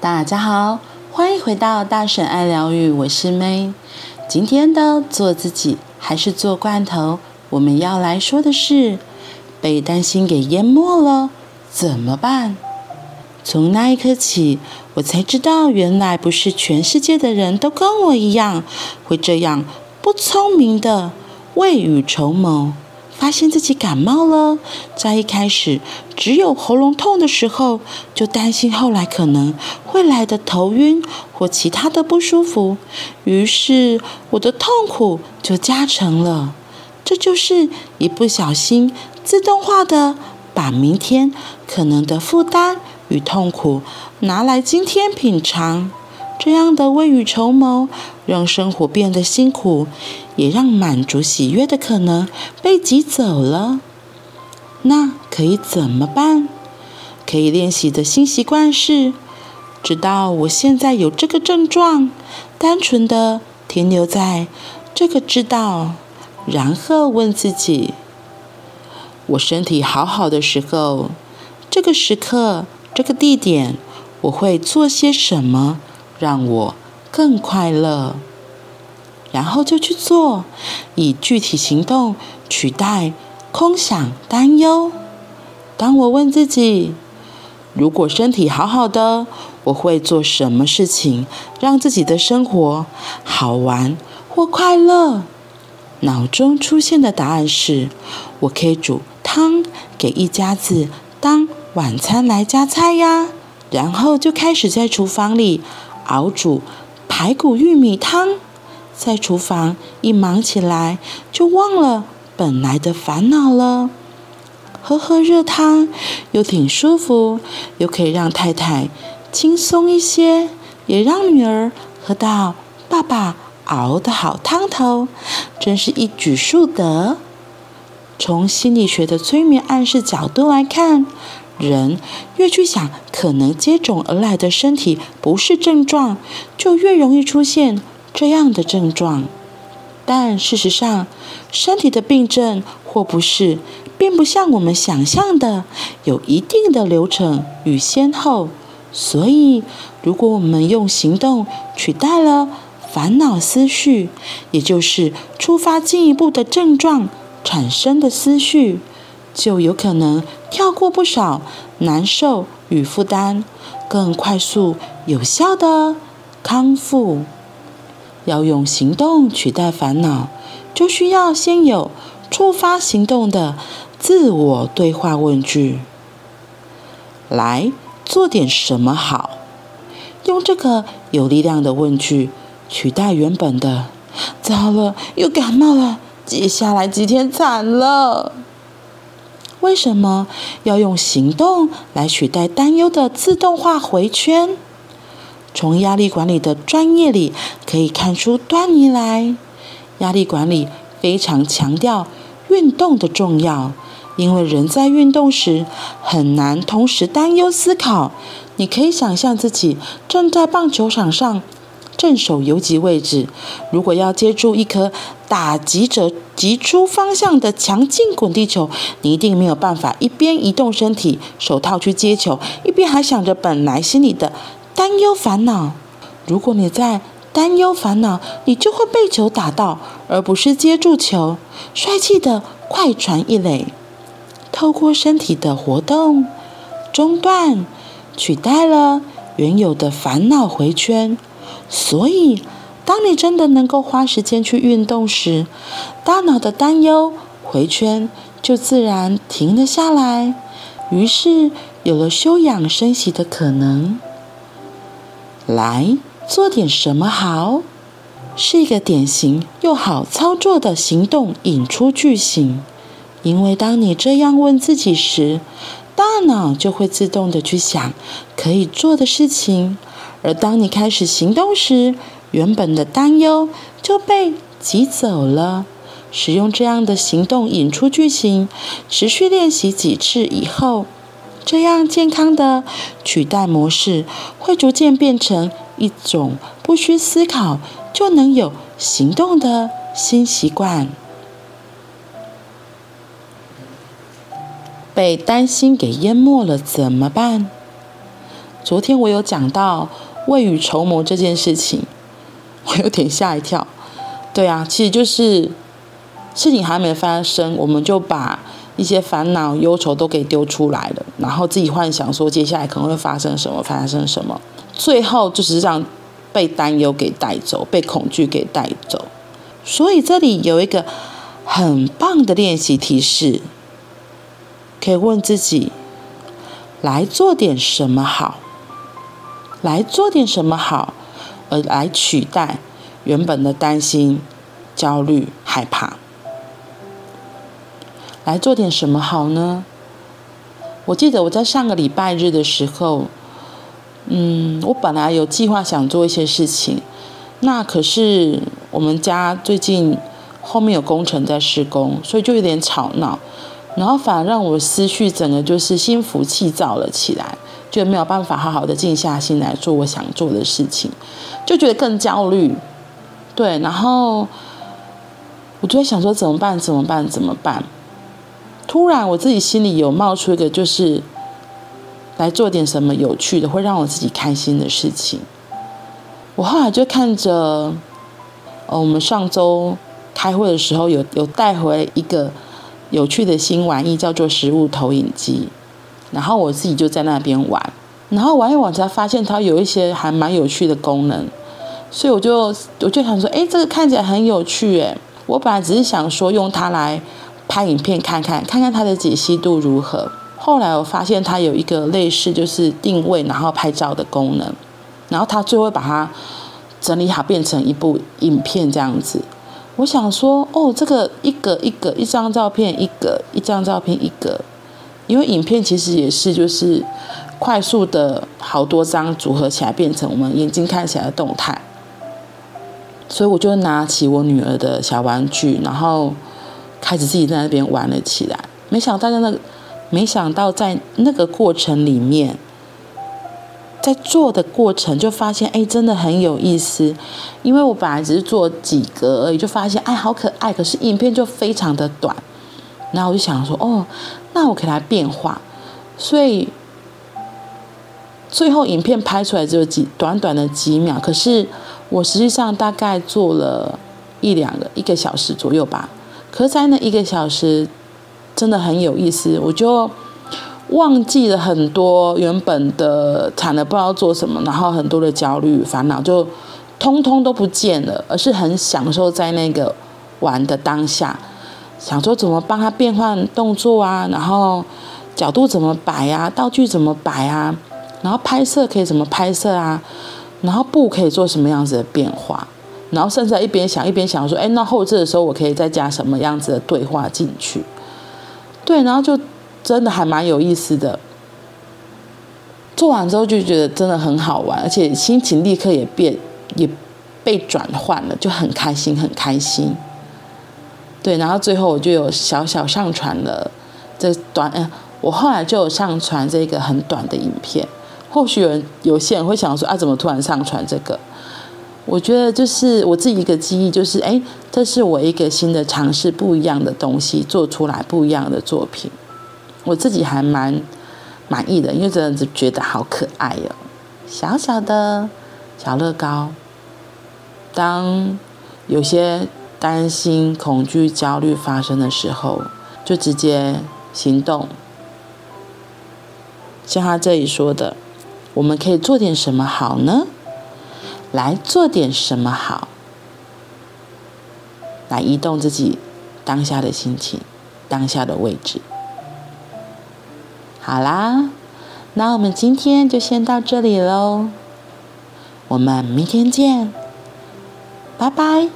大家好，歡迎回到大嬸愛療癒，我是 May。今天的做自己還是做罐頭，我們要來說的是被擔心給淹沒了怎麼辦？從那一刻起，我才知道，原來不是全世界的人都跟我一樣會這樣不聰明的未雨綢繆。發現自己感冒了，在一開始只有喉嚨痛的時候，就擔心後來可能會來的頭暈或其他的不舒服，於是我的痛苦就加成了。這就是一不小心自動化的把明天可能的負擔與痛苦拿來今天品嘗。這樣的未雨綢繆，讓生活變得辛苦，也讓滿足喜悅的可能被擠走了。那可以怎麼辦？可以練習的新習慣是：知道我現在有這個症狀，單純的停留在這個知道，然後問自己：我身體好好的時候，這個時刻、這個地點，我會做些什麼？讓我更快樂，然後就去做，以具體行動取代空想擔憂。當我問自己，如果身體好好的，我會做什麼事情讓自己的生活好玩或快樂？腦中出現的答案是：我可以煮湯給一家子當晚餐來加菜呀。然後就開始在廚房裡。熬煮排骨玉米湯，在廚房一忙起來就忘了本來的煩惱了。喝喝熱湯又挺舒服，又可以讓太太輕鬆一些，也讓女兒喝到爸爸熬的好湯頭，真是一舉數得。從心理學的催眠暗示角度來看，人越去想可能接踵而來的身體不是症狀，就越容易出現這樣的症狀。但事實上，身體的病症或不是，並不像我們想象的有一定的流程與先後。所以，如果我們用行動取代了煩惱思緒，也就是觸發進一步的症狀產生的思緒，就有可能，跳過不少難受與負擔，更快速有效的康復。要用行動取代煩惱，就需要先有觸發行動的自我對話問句。來，做點什麼好？用這個有力量的問句取代原本的“糟了，又感冒了，接下來幾天慘了”。為什麼要用行動來取代擔憂的自動化回圈？從壓力管理的專業裡可以看出端倪來。壓力管理非常強調運動的重要，因為人在運動時很難同時擔憂思考。你可以想象自己正在棒球場上正守游擊位置，如果要接住一顆打擊者。急出方向的強勁滾地球，你一定沒有辦法一邊移動身體、手套去接球，一邊還想着本來心裡的擔憂煩惱。如果你在擔憂煩惱，你就會被球打到，而不是接住球。帥氣的快傳一壘，透過身體的活動中斷，取代了原有的煩惱回圈，所以。當你真的能夠花時間去運動時，大腦的擔憂回圈就自然停了下來，於是有了休養生息的可能。來，做點什麼好？是一個典型又好操作的行動引出句型。因為當你這樣問自己時，大腦就會自動的去想可以做的事情，而當你開始行動時。原本的擔憂就被擠走了。使用這樣的行動引出劇情，持續練習幾次以後，這樣健康的取代模式會逐漸變成一種不需思考就能有行動的新習慣。被擔心給淹沒了怎麼辦？昨天我有講到未雨綢繆這件事情。我有點嚇一跳，對啊，其實就是事情還沒發生，我們就把一些煩惱、憂愁都給丟出來了，然後自己幻想說接下來可能會發生什麼，發生什麼，最後就是讓被擔憂給帶走，被恐懼給帶走。所以這裡有一個很棒的練習提示，可以問自己來做點什麼好？來做點什麼好？而來取代原本的擔心、焦慮、害怕，來做點什麼好呢？我記得我在上個禮拜日的時候，嗯，我本來有計劃想做一些事情，那可是我們家最近後面有工程在施工，所以就有點吵鬧，然後反而讓我思緒整個就是心浮氣躁了起來。就沒有辦法好好的靜下心來做我想做的事情，就覺得更焦慮，對。然後我就在想說怎麼辦？怎麼辦？怎麼辦？突然我自己心裡有冒出一個，就是來做點什麼有趣的、會讓我自己開心的事情。我後來就看着，哦，我們上周開會的時候有，有有帶回一個有趣的新玩意，叫做實物投影機。然後我自己就在那邊玩，然後玩一玩才發現它有一些還蠻有趣的功能，所以我就我就想說，哎，這個看起來很有趣哎。我本來只是想說用它來拍影片看看，看看它的解析度如何。後來我發現它有一個類似就是定位然後拍照的功能，然後它就會把它整理好變成一部影片這樣子。我想說，哦，這個一格一格一張照片一格一張照片一格。一因為影片其實也是就是快速的好多張組合起來變成我們眼睛看起來的動態，所以我就拿起我女兒的小玩具，然後開始自己在那邊玩了起來。沒想到在那個，沒想到在那個過程裡面，在做的過程就發現，哎，真的很有意思。因為我本來只是做幾個而已，就發現，哎，好可愛。可是影片就非常的短。然後我就想說，哦，那我給他變化，所以最後影片拍出來只有幾短短的幾秒。可是我實際上大概做了一兩個一個小時左右吧。可是在那一個小時，真的很有意思。我就忘記了很多原本的慘的不知道做什麼，然後很多的焦慮煩惱就通通都不見了，而是很享受在那個玩的當下。想說怎麼幫他變換動作啊，然後角度怎麼擺啊，道具怎麼擺啊，然後拍攝可以怎麼拍攝啊，然後布可以做什麼樣子的變化，然後甚至一邊想一邊想說，哎，那後製的時候我可以再加什麼樣子的對話進去，對，然後就真的還蠻有意思的。做完之後就覺得真的很好玩，而且心情立刻也變也被轉換了，就很開心，很開心。對，然後最後我就有小小上傳了，這短嗯、呃，我後來就有上傳這個很短的影片。或許有人有些人會想說啊，怎麼突然上傳這個？我覺得就是我自己一個記憶，就是哎，這是我一個新的嘗試，不一樣的東西，做出來不一樣的作品。我自己還蠻滿意的，因為這樣子覺得好可愛哦，小小的，小樂高。當有些。擔心、恐懼、焦慮發生的時候，就直接行動。像他這裡說的，我們可以做點什麼好呢？來做點什麼好？來移動自己當下的心情、當下的位置。好啦，那我們今天就先到這裡嘍。我們明天見，拜拜。